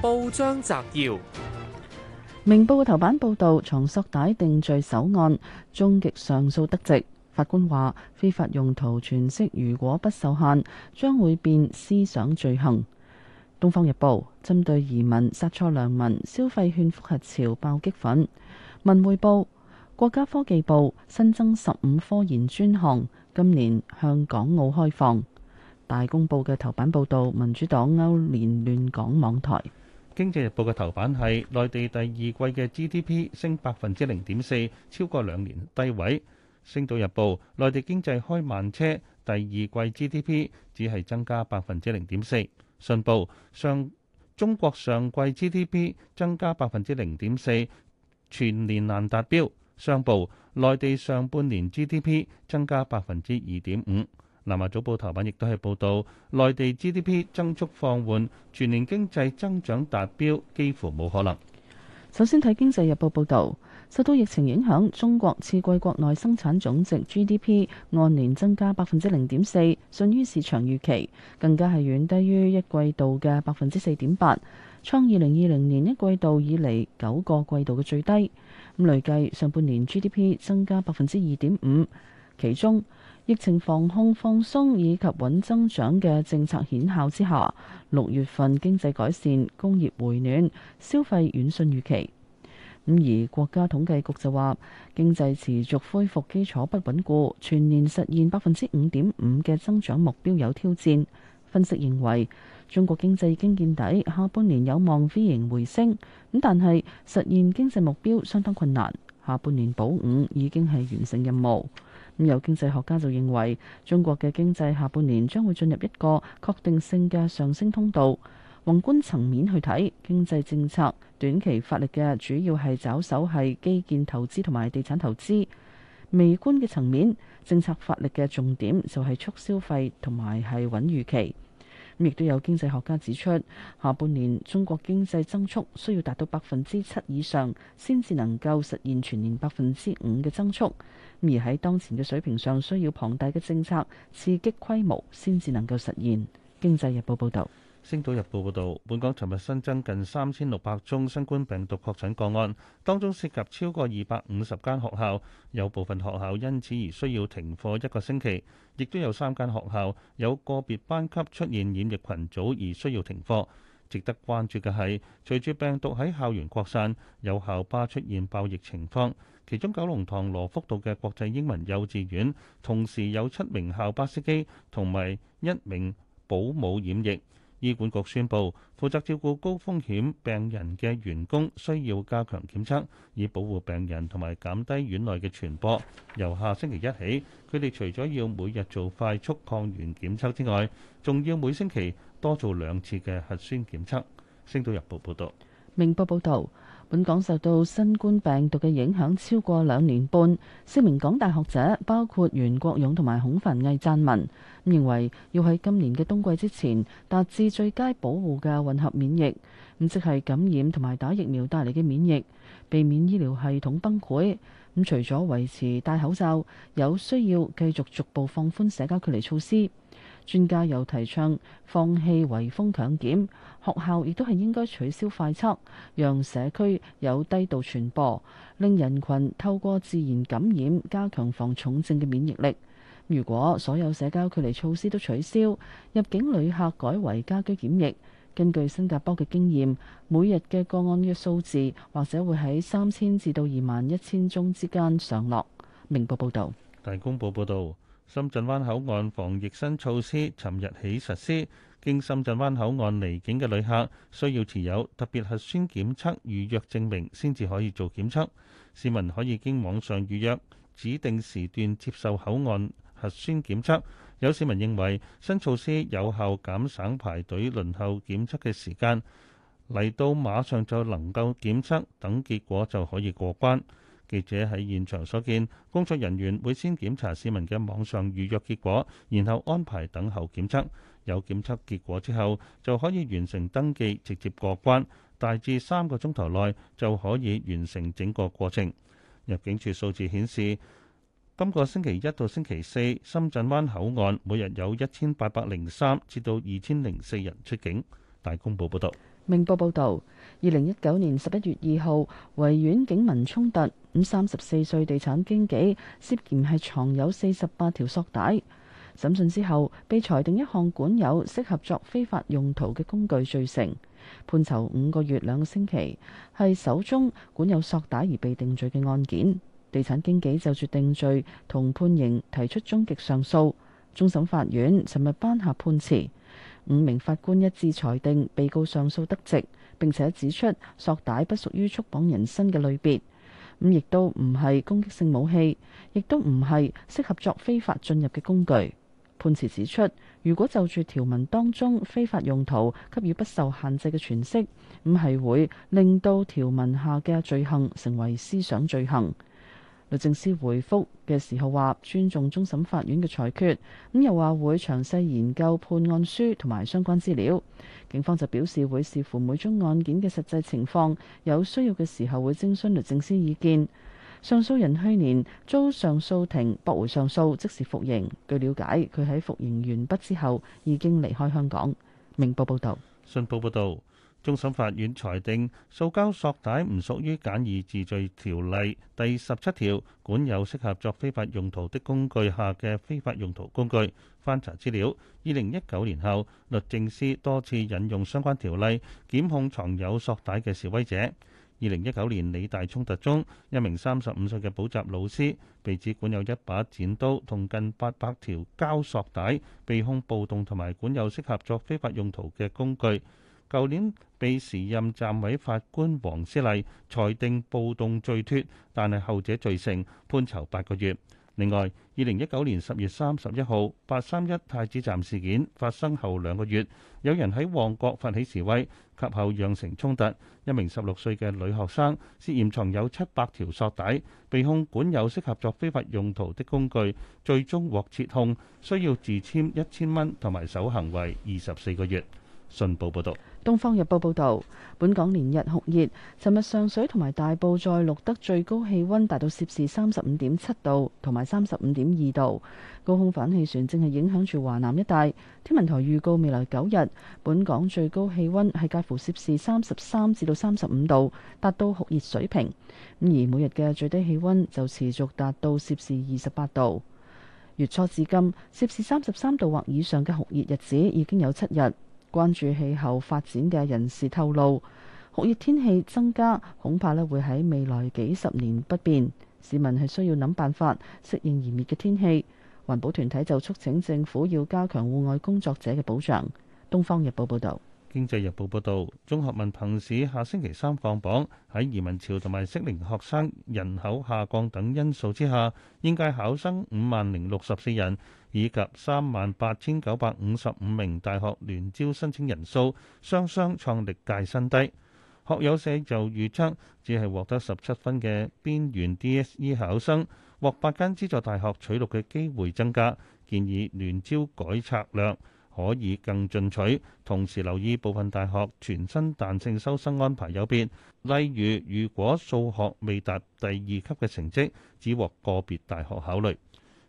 報章摘要：明報頭版報道藏索帶定罪首案，終極上訴得直。法官話：非法用途詮釋如果不受限，將會變思想罪行。東方日報針對移民殺錯良民，消費券復核潮爆激粉。文匯報國家科技部新增十五科研專項，今年向港澳開放。大公報嘅頭版報道民主黨勾連亂港網台。經濟日報嘅頭版係內地第二季嘅 GDP 升百分之零點四，超過兩年低位，升到日報內地經濟開慢車，第二季 GDP 只係增加百分之零點四。信報上，上中國上季 GDP 增加百分之零點四，全年難達標。商報內地上半年 GDP 增加百分之二點五。南華早報頭版亦都係報導，內地 GDP 增速放緩，全年經濟增長達標幾乎冇可能。首先睇經濟日報報導，受到疫情影響，中國次季國內生產總值 GDP 按年增加百分之零點四，遜於市場預期，更加係遠低於一季度嘅百分之四點八，創二零二零年一季度以嚟九個季度嘅最低。咁累計上半年 GDP 增加百分之二點五，其中。疫情防控放鬆以及穩增長嘅政策顯效之下，六月份經濟改善，工業回暖，消費遠遜預期。咁而國家統計局就話經濟持續恢復基礎不穩固，全年實現百分之五點五嘅增長目標有挑戰，分析認為中國經濟已經見底，下半年有望 V 型回升。咁但係實現經濟目標相當困難，下半年保五已經係完成任務。咁有經濟學家就認為，中國嘅經濟下半年將會進入一個確定性嘅上升通道。宏觀層面去睇，經濟政策短期發力嘅主要係抓手係基建投資同埋地產投資；微觀嘅層面，政策發力嘅重點就係促消費同埋係穩預期。亦都有經濟學家指出，下半年中國經濟增速需要達到百分之七以上，先至能夠實現全年百分之五嘅增速。而喺當前嘅水平上，需要龐大嘅政策刺激規模，先至能夠實現。經濟日報報導。星島日報報導，本港尋日新增近三千六百宗新冠病毒確診個案，當中涉及超過二百五十間學校，有部分學校因此而需要停課一個星期，亦都有三間學校有個別班級出現染疫群組而需要停課。值得關注嘅係，隨住病毒喺校園擴散，有校巴出現爆疫情況，其中九龍塘羅福道嘅國際英文幼稚園同時有七名校巴司機同埋一名保姆染疫。醫管局宣布，負責照顧高風險病人嘅員工需要加強檢測，以保護病人同埋減低院內嘅傳播。由下星期一起，佢哋除咗要每日做快速抗原檢測之外，仲要每星期多做兩次嘅核酸檢測。星島日報報道。明報報導。本港受到新冠病毒嘅影響超過兩年半，四名港大學者包括袁國勇同埋孔繁毅撰文，認為要喺今年嘅冬季之前達至最佳保護嘅混合免疫，咁即係感染同埋打疫苗帶嚟嘅免疫，避免醫療系統崩潰，咁除咗維持戴口罩，有需要繼續逐步放寬社交距離措施。專家又提倡放棄圍封強檢，學校亦都係應該取消快測，讓社區有低度傳播，令人群透過自然感染加強防重症嘅免疫力。如果所有社交距離措施都取消，入境旅客改為家居檢疫，根據新加坡嘅經驗，每日嘅個案嘅數字或者會喺三千至到二萬一千宗之間上落。明報報道。大公報報導。深圳灣口岸防疫新措施，尋日起實施。經深圳灣口岸離境嘅旅客，需要持有特別核酸檢測預約證明，先至可以做檢測，市民可以經網上預約指定時段接受口岸核酸檢測，有市民認為新措施有效減省排隊輪候檢測嘅時間，嚟到馬上就能夠檢測等結果就可以過關。記者喺現場所見，工作人員會先檢查市民嘅網上預約結果，然後安排等候檢測。有檢測結果之後，就可以完成登記，直接過關。大致三個鐘頭內就可以完成整個過程。入境處數字顯示，今個星期一到星期四，深圳灣口岸每日有一千八百零三至到二千零四人出境。大公報報道。明報報導，二零一九年十一月二號，維園警民衝突，五三十四歲地產經紀涉嫌係藏有四十八條索帶。審訊之後，被裁定一項管有適合作非法用途嘅工具罪成，判囚五個月兩個星期，係首宗管有索帶而被定罪嘅案件。地產經紀就著定罪同判刑提出終極上訴，終審法院尋日頒下判詞。五名法官一致裁定被告上訴得直，並且指出索帶不屬於束綁人身嘅類別，咁亦都唔係攻擊性武器，亦都唔係適合作非法進入嘅工具。判詞指出，如果就住條文當中非法用途給予不受限制嘅詮釋，咁係會令到條文下嘅罪行成為思想罪行。律政司回覆嘅時候話尊重終審法院嘅裁決，咁又話會詳細研究判案書同埋相關資料。警方就表示會視乎每宗案件嘅實際情況，有需要嘅時候會徵詢律政司意見。上訴人去年遭上訴庭駁回上訴，即時服刑。據了解，佢喺服刑完畢之後已經離開香港。明報報道，信報報道。終審法院裁定，塑膠索帶唔屬於《簡易治罪條例》第十七條管有適合作非法用途的工具下嘅非法用途工具。翻查資料，二零一九年後，律政司多次引用相關條例檢控藏有索帶嘅示威者。二零一九年理大衝突中，一名三十五歲嘅補習老師被指管有一把剪刀同近八百條膠索帶，被控暴動同埋管有適合作非法用途嘅工具。舊年被時任暫委法官黃思麗裁定暴動罪脫，但係後者罪成，判囚八個月。另外，二零一九年十月三十一號八三一太子站事件發生後兩個月，有人喺旺角發起示威，及後釀成衝突。一名十六歲嘅女學生涉嫌藏有七百條索帶，被控管有適合作非法用途的工具，最終獲撤控，需要自簽一千蚊同埋守行為二十四個月。信報報道，《東方日報》報道，本港連日酷熱。尋日上水同埋大埔再錄得最高氣溫，達到攝氏三十五點七度同埋三十五點二度。高空反氣旋正係影響住華南一帶。天文台預告，未來九日本港最高氣溫係介乎攝氏三十三至到三十五度，達到酷熱水平。咁而每日嘅最低氣溫就持續達到攝氏二十八度。月初至今，攝氏三十三度或以上嘅酷熱日子已經有七日。關注氣候發展嘅人士透露，酷熱天氣增加恐怕咧會喺未來幾十年不變，市民係需要諗辦法適應炎熱嘅天氣。環保團體就促請政府要加強戶外工作者嘅保障。東方日報報道。《經濟日報》報導，中學文憑試下星期三放榜，喺移民潮同埋適齡學生人口下降等因素之下，應屆考生五萬零六十四人，以及三萬八千九百五十五名大學聯招申請人數，雙雙創歷屆新低。學友社就預測，只係獲得十七分嘅邊緣 DSE 考生，獲八間資助大學取錄嘅機會增加，建議聯招改策略。可以更進取，同時留意部分大學全新彈性收生安排有變，例如如果數學未達第二級嘅成績，只獲個別大學考慮。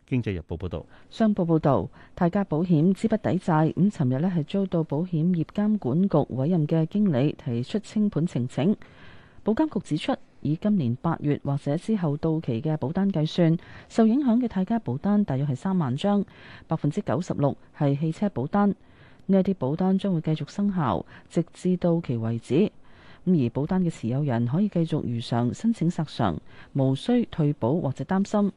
經濟日報報導，商報報導，泰家保險資不抵債，咁尋日咧係遭到保險業監管局委任嘅經理提出清盤呈請，保監局指出。以今年八月或者之後到期嘅保單計算，受影響嘅泰加保單大約係三萬張，百分之九十六係汽車保單。呢一啲保單將會繼續生效，直至到期為止。咁而保單嘅持有人可以繼續如常申請索償，無需退保或者擔心。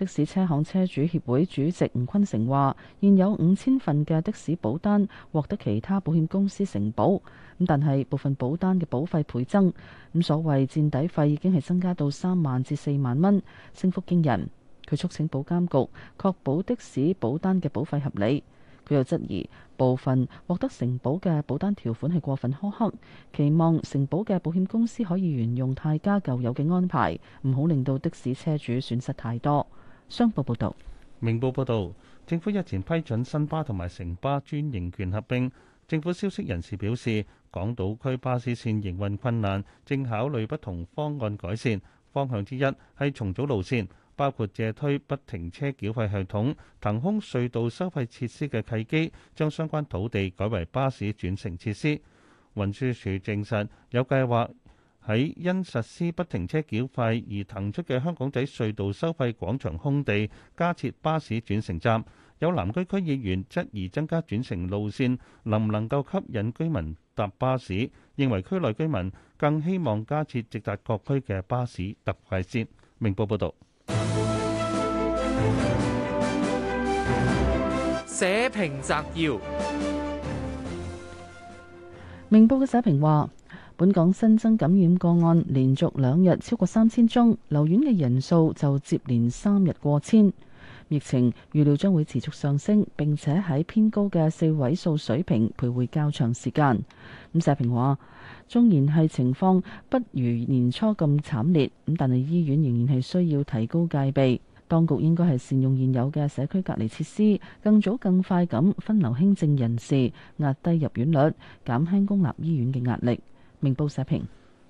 的士車行車主協會主席吳坤成話：現有五千份嘅的，的士保單獲得其他保險公司承保，咁但係部分保單嘅保費倍增，咁所謂墊底費已經係增加到三萬至四萬蚊，升幅驚人。佢促請保監局確保的士保單嘅保費合理。佢又質疑部分獲得承保嘅保單條款係過分苛刻，期望承保嘅保險公司可以沿用泰家舊有嘅安排，唔好令到的士車主損失太多。商報報導，明報報道，政府日前批准新巴同埋城巴專營權合併。政府消息人士表示，港島區巴士線營運困難，正考慮不同方案改善。方向之一係重組路線，包括借推不停車繳費系統、騰空隧道收費設施嘅契機，將相關土地改為巴士轉乘設施。運輸署證實有計劃。喺因實施不停車繳費而騰出嘅香港仔隧道收費廣場空地，加設巴士轉乘站。有南區區議員質疑增加轉乘路線能唔能夠吸引居民搭巴士，認為區內居民更希望加設直達各區嘅巴士特快線。明報報道。社評摘要：明報嘅社評話。本港新增感染個案連續兩日超過三千宗，留院嘅人數就接連三日過千。疫情預料將會持續上升，並且喺偏高嘅四位數水平徘徊較長時間。咁社評話，縱然係情況不如年初咁慘烈，咁但係醫院仍然係需要提高戒備，當局應該係善用現有嘅社區隔離設施，更早更快咁分流輕症人士，壓低入院率，減輕公立醫院嘅壓力。明報社評，《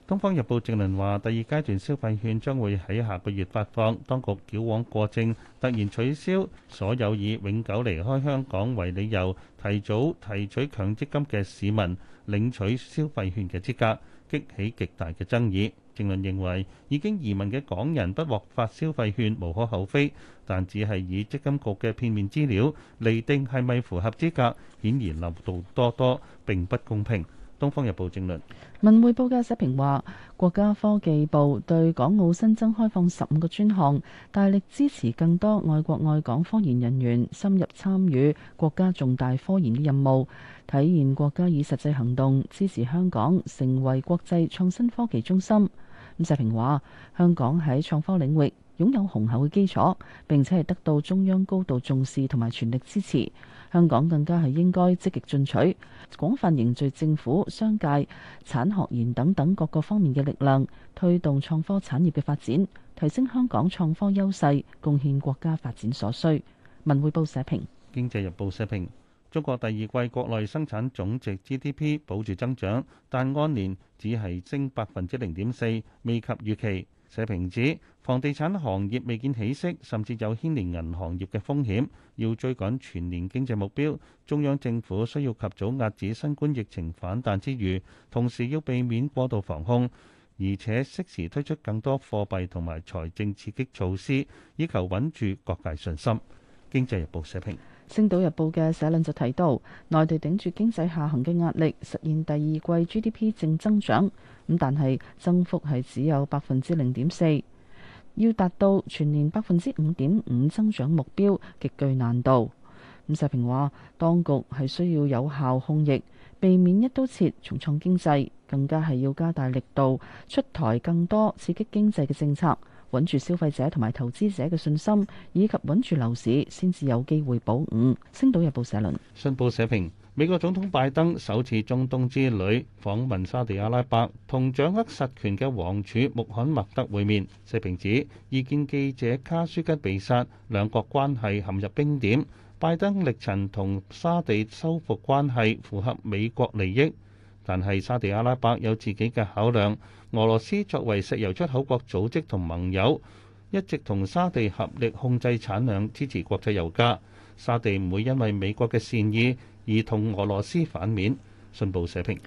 東方日報》正論話：第二階段消費券將會喺下個月發放，當局矯枉過正，突然取消所有以永久離開香港為理由提早提取強積金嘅市民領取消費券嘅資格，激起極大嘅爭議。正論認為，已經移民嘅港人不獲發消費券無可厚非，但只係以積金局嘅片面資料釐定係咪符合資格，顯然漏洞多多，並不公平。《東方日報》政論，《文匯報》嘅石平話：國家科技部對港澳新增開放十五個專項，大力支持更多愛國愛港科研人員深入參與國家重大科研嘅任務，體現國家以實際行動支持香港成為國際創新科技中心。咁石平話：香港喺創科領域，擁有雄厚嘅基礎，並且係得到中央高度重視同埋全力支持，香港更加係應該積極進取，廣泛凝聚政府、商界、產學研等等各個方面嘅力量，推動創科產業嘅發展，提升香港創科優勢，貢獻國家發展所需。文匯報社評、經濟日報社評：中國第二季國內生產總值 GDP 保持增長，但按年只係升百分之零點四，未及預期。社評指，房地產行業未見起色，甚至有牽連銀行業嘅風險。要追趕全年經濟目標，中央政府需要及早遏止新冠疫情反彈之餘，同時要避免過度防控，而且適時推出更多貨幣同埋財政刺激措施，以求穩住各界信心。經濟日報社評。《星島日報》嘅社論就提到，內地頂住經濟下行嘅壓力，實現第二季 GDP 正增長，咁但係增幅係只有百分之零點四，要達到全年百分之五點五增長目標極具難度。伍世平話，當局係需要有效控疫，避免一刀切重創經濟，更加係要加大力度出台更多刺激經濟嘅政策。穩住消費者同埋投資者嘅信心，以及穩住樓市，先至有機會保五。星島日報社論。信報社評：美國總統拜登首次中東之旅，訪問沙地阿拉伯，同掌握實權嘅王儲穆罕默德會面。社評指，異見記者卡舒吉被殺，兩國關係陷入冰點。拜登力陳同沙地修復關係符合美國利益，但係沙地阿拉伯有自己嘅考量。俄羅斯作為石油出口國組織同盟友，一直同沙地合力控制產量，支持國際油價。沙地唔會因為美國嘅善意而同俄羅斯反面，信報社評。